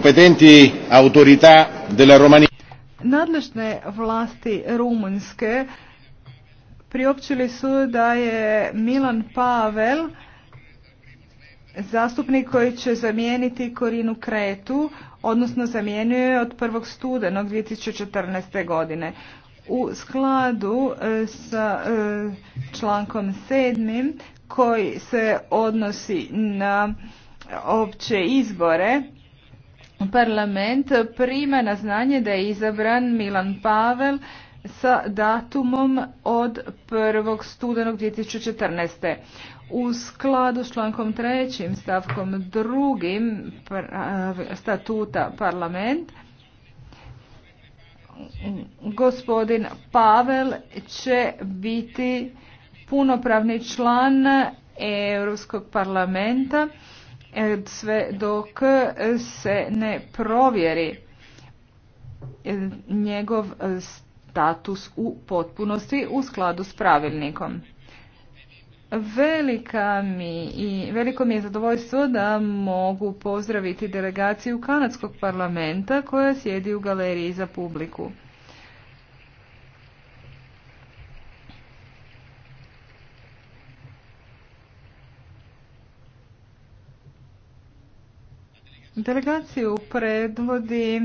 competenti autorità della Romania. Nadležne vlasti Rumunske priopćili su da je Milan Pavel zastupnik koji će zamijeniti Korinu Kretu, odnosno zamijenio je od 1. studenog 2014. godine. U skladu e, sa e, člankom 7. koji se odnosi na opće izbore, parlament prima na znanje da je izabran Milan Pavel sa datumom od 1. studenog 2014. U skladu s člankom 3. stavkom 2. statuta parlament, gospodin Pavel će biti punopravni član Europskog parlamenta sve dok se ne provjeri njegov status u potpunosti u skladu s pravilnikom. Velika mi i veliko mi je zadovoljstvo da mogu pozdraviti delegaciju Kanadskog parlamenta koja sjedi u galeriji za publiku. Delegaciju predvodi